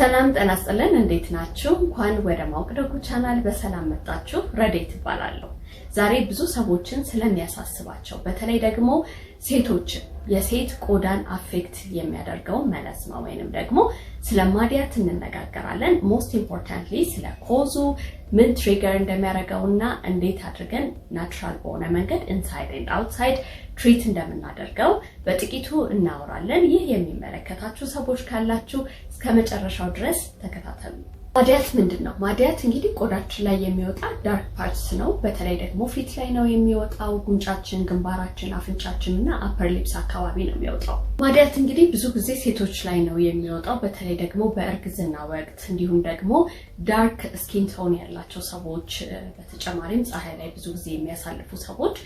ሰላም ጤና ይስጥልን። እንዴት ናችሁ? እንኳን ወደ ማወቅ ደጉ ቻናል በሰላም መጣችሁ። ረዴት እባላለሁ። ዛሬ ብዙ ሰዎችን ስለሚያሳስባቸው በተለይ ደግሞ ሴቶችን የሴት ቆዳን አፌክት የሚያደርገውን ነው ወይንም ደግሞ ስለ ማዲያት እንነጋገራለን። ሞስት ኢምፖርታንትሊ ስለ ኮዙ ምን ትሪገር እንደሚያደርገው እና እንዴት አድርገን ናቹራል በሆነ መንገድ ኢንሳይድ ኤንድ አውትሳይድ ትሪት እንደምናደርገው በጥቂቱ እናወራለን። ይህ የሚመለከታችሁ ሰዎች ካላችሁ እስከ መጨረሻው ድረስ ተከታተሉ። ማድያት ምንድን ነው? ማድያት እንግዲህ ቆዳችን ላይ የሚወጣ ዳርክ ፓርትስ ነው። በተለይ ደግሞ ፊት ላይ ነው የሚወጣው። ጉንጫችን፣ ግንባራችን፣ አፍንጫችን እና አፐር ሊፕስ አካባቢ ነው የሚወጣው። ማድያት እንግዲህ ብዙ ጊዜ ሴቶች ላይ ነው የሚወጣው፣ በተለይ ደግሞ በእርግዝና ወቅት እንዲሁም ደግሞ ዳርክ ስኪን ቶን ያላቸው ሰዎች፣ በተጨማሪም ፀሐይ ላይ ብዙ ጊዜ የሚያሳልፉ ሰዎች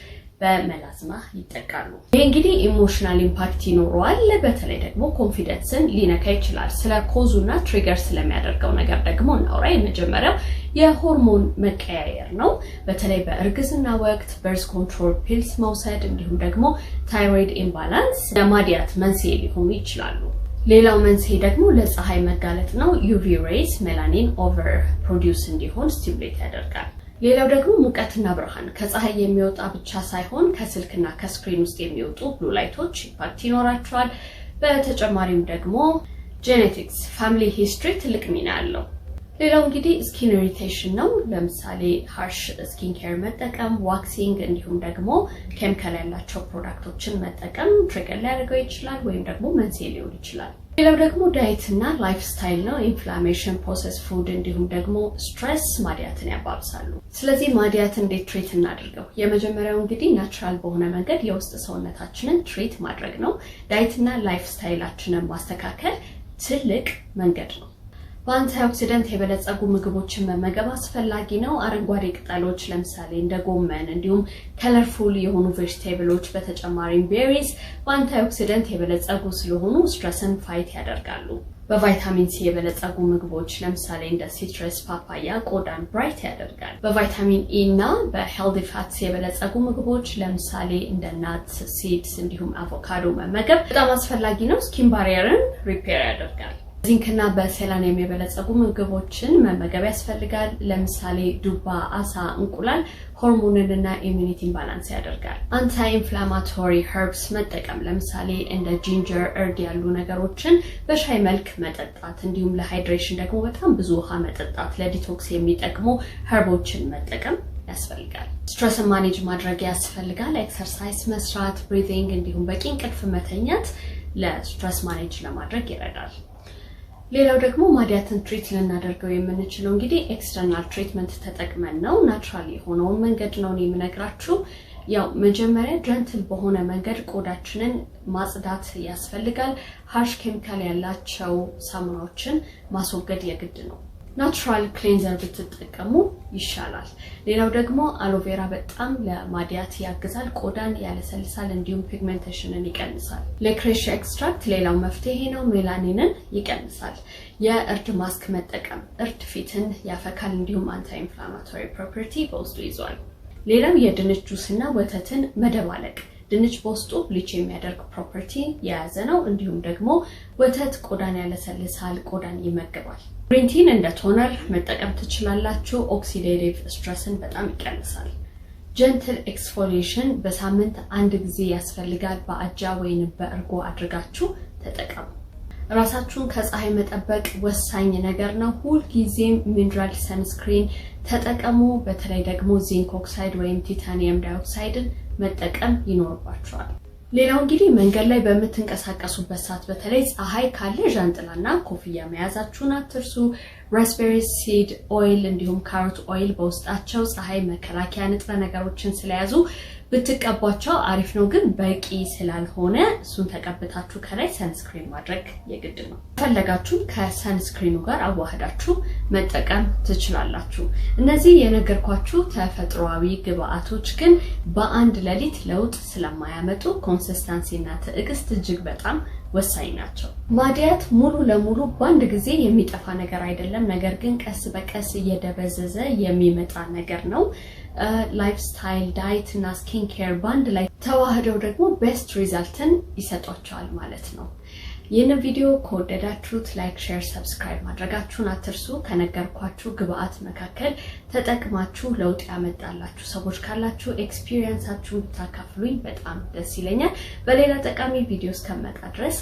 በመላዝማ ይጠቃሉ። ይህ እንግዲህ ኢሞሽናል ኢምፓክት ይኖረዋል። በተለይ ደግሞ ኮንፊደንስን ሊነካ ይችላል። ስለ ኮዙ እና ትሪገር ስለሚያደርገው ነገር ደግሞ እናውራ። የመጀመሪያው የሆርሞን መቀያየር ነው። በተለይ በእርግዝና ወቅት በርዝ ኮንትሮል ፒልስ መውሰድ እንዲሁም ደግሞ ታይሮይድ ኢምባላንስ ለማዲያት መንስኤ ሊሆኑ ይችላሉ። ሌላው መንስኤ ደግሞ ለፀሐይ መጋለጥ ነው። ዩቪ ሬይስ ሜላኒን ኦቨር ፕሮዲውስ እንዲሆን ስቲሙሌት ያደርጋል። ሌላው ደግሞ ሙቀትና ብርሃን ከፀሐይ የሚወጣ ብቻ ሳይሆን ከስልክና ከስክሪን ውስጥ የሚወጡ ብሉ ላይቶች ኢምፓክት ይኖራቸዋል። በተጨማሪም ደግሞ ጄኔቲክስ ፋሚሊ ሂስትሪ ትልቅ ሚና አለው። ሌላው እንግዲህ ስኪን ኢሪቴሽን ነው። ለምሳሌ ሃርሽ ስኪን ኬር መጠቀም፣ ዋክሲንግ እንዲሁም ደግሞ ኬሚካል ያላቸው ፕሮዳክቶችን መጠቀም ትሪገር ሊያደርገው ይችላል ወይም ደግሞ መንስኤ ሊሆን ይችላል። ሌላው ደግሞ ዳይት እና ላይፍ ስታይል ነው። ኢንፍላሜሽን፣ ፕሮሰስ ፉድ እንዲሁም ደግሞ ስትረስ ማዲያትን ያባብሳሉ። ስለዚህ ማዲያት እንዴት ትሪት እናድርገው? የመጀመሪያው እንግዲህ ናቹራል በሆነ መንገድ የውስጥ ሰውነታችንን ትሪት ማድረግ ነው። ዳይት እና ላይፍ ስታይላችንን ማስተካከል ትልቅ መንገድ ነው። በአንቲኦክሲደንት የበለጸጉ ምግቦችን መመገብ አስፈላጊ ነው። አረንጓዴ ቅጠሎች ለምሳሌ እንደ ጎመን እንዲሁም ከለርፉል የሆኑ ቬጅቴብሎች በተጨማሪም ቤሪስ በአንቲኦክሲደንት የበለጸጉ ስለሆኑ ስትረስን ፋይት ያደርጋሉ። በቫይታሚን ሲ የበለጸጉ ምግቦች ለምሳሌ እንደ ሲትረስ፣ ፓፓያ ቆዳን ብራይት ያደርጋል። በቫይታሚን ኢ e እና በሄልዲ ፋትስ የበለጸጉ ምግቦች ለምሳሌ እንደ ናት፣ ሲድስ እንዲሁም አቮካዶ መመገብ በጣም አስፈላጊ ነው። ስኪን ባሪየርን ሪፔር ያደርጋል። ዚንክና በሴላን የሚበለጸጉ ምግቦችን መመገብ ያስፈልጋል። ለምሳሌ ዱባ፣ አሳ፣ እንቁላል ሆርሞንንና ኢሚኒቲን ባላንስ ያደርጋል። አንታይ ኢንፍላማቶሪ ኸርብስ መጠቀም ለምሳሌ እንደ ጂንጀር፣ እርድ ያሉ ነገሮችን በሻይ መልክ መጠጣት እንዲሁም ለሃይድሬሽን ደግሞ በጣም ብዙ ውሃ መጠጣት ለዲቶክስ የሚጠቅሙ ኸርቦችን መጠቀም ያስፈልጋል። ስትረስን ማኔጅ ማድረግ ያስፈልጋል። ኤክሰርሳይዝ መስራት፣ ብሪዚንግ እንዲሁም በቂ እንቅልፍ መተኛት ለስትረስ ማኔጅ ለማድረግ ይረዳል። ሌላው ደግሞ ማዲያትን ትሪት ልናደርገው የምንችለው እንግዲህ ኤክስተርናል ትሪትመንት ተጠቅመን ነው። ናቹራል የሆነውን መንገድ ነው የምነግራችሁ። ያው መጀመሪያ ጀንትል በሆነ መንገድ ቆዳችንን ማጽዳት ያስፈልጋል። ሀርሽ ኬሚካል ያላቸው ሳሙናዎችን ማስወገድ የግድ ነው። ናቹራል ክሌንዘር ብትጠቀሙ ይሻላል። ሌላው ደግሞ አሎቬራ በጣም ለማዲያት ያግዛል፣ ቆዳን ያለሰልሳል፣ እንዲሁም ፒግሜንቴሽንን ይቀንሳል። ለክሬሽ ኤክስትራክት ሌላው መፍትሄ ነው፣ ሜላኒንን ይቀንሳል። የእርድ ማስክ መጠቀም እርድ ፊትን ያፈካል፣ እንዲሁም አንታይ ኢንፍላማቶሪ ፕሮፐርቲ በውስጡ ይዟል። ሌላው የድንች ጁስ እና ወተትን መደባለቅ ድንች በውስጡ ብሊች የሚያደርግ ፕሮፐርቲ የያዘ ነው። እንዲሁም ደግሞ ወተት ቆዳን ያለሰልሳል፣ ቆዳን ይመግባል። ግሪን እንደ ቶነር መጠቀም ትችላላችሁ። ኦክሲዴቲቭ ስትረስን በጣም ይቀንሳል። ጀንትል ኤክስፎሊሽን በሳምንት አንድ ጊዜ ያስፈልጋል። በአጃ ወይም በእርጎ አድርጋችሁ ተጠቀሙ። ራሳችሁን ከፀሐይ መጠበቅ ወሳኝ ነገር ነው። ሁልጊዜም ሚኒራል ሰንስክሪን ተጠቀሙ። በተለይ ደግሞ ዚንክ ኦክሳይድ ወይም ቲታኒየም ዳይኦክሳይድን መጠቀም ይኖርባቸዋል። ሌላው እንግዲህ መንገድ ላይ በምትንቀሳቀሱበት ሰዓት በተለይ ፀሐይ ካለ ዣንጥላና ኮፍያ መያዛችሁን አትርሱ። ራስበሪ ሲድ ኦይል እንዲሁም ካሮት ኦይል በውስጣቸው ፀሐይ መከላከያ ንጥረ ነገሮችን ስለያዙ ብትቀቧቸው አሪፍ ነው፣ ግን በቂ ስላልሆነ እሱን ተቀብታችሁ ከላይ ሰንስክሪን ማድረግ የግድ ነው። ፈለጋችሁም ከሰንስክሪኑ ጋር አዋህዳችሁ መጠቀም ትችላላችሁ። እነዚህ የነገርኳችሁ ተፈጥሯዊ ግብአቶች ግን በአንድ ሌሊት ለውጥ ስለማያመጡ ኮንሲስተንሲ እና ትዕግስት እጅግ በጣም ወሳኝ ናቸው። ማዲያት ሙሉ ለሙሉ በአንድ ጊዜ የሚጠፋ ነገር አይደለም፣ ነገር ግን ቀስ በቀስ እየደበዘዘ የሚመጣ ነገር ነው። ላይፍ ስታይል፣ ዳይት እና ስኪን ኬር በአንድ ላይ ተዋህደው ደግሞ ቤስት ሪዛልትን ይሰጧቸዋል ማለት ነው። ይህንን ቪዲዮ ከወደዳችሁት ላይክ፣ ሼር፣ ሰብስክራይብ ማድረጋችሁን አትርሱ። ከነገርኳችሁ ግብአት መካከል ተጠቅማችሁ ለውጥ ያመጣላችሁ ሰዎች ካላችሁ ኤክስፒሪየንሳችሁን ብታካፍሉኝ በጣም ደስ ይለኛል። በሌላ ጠቃሚ ቪዲዮ እስከመጣ ድረስ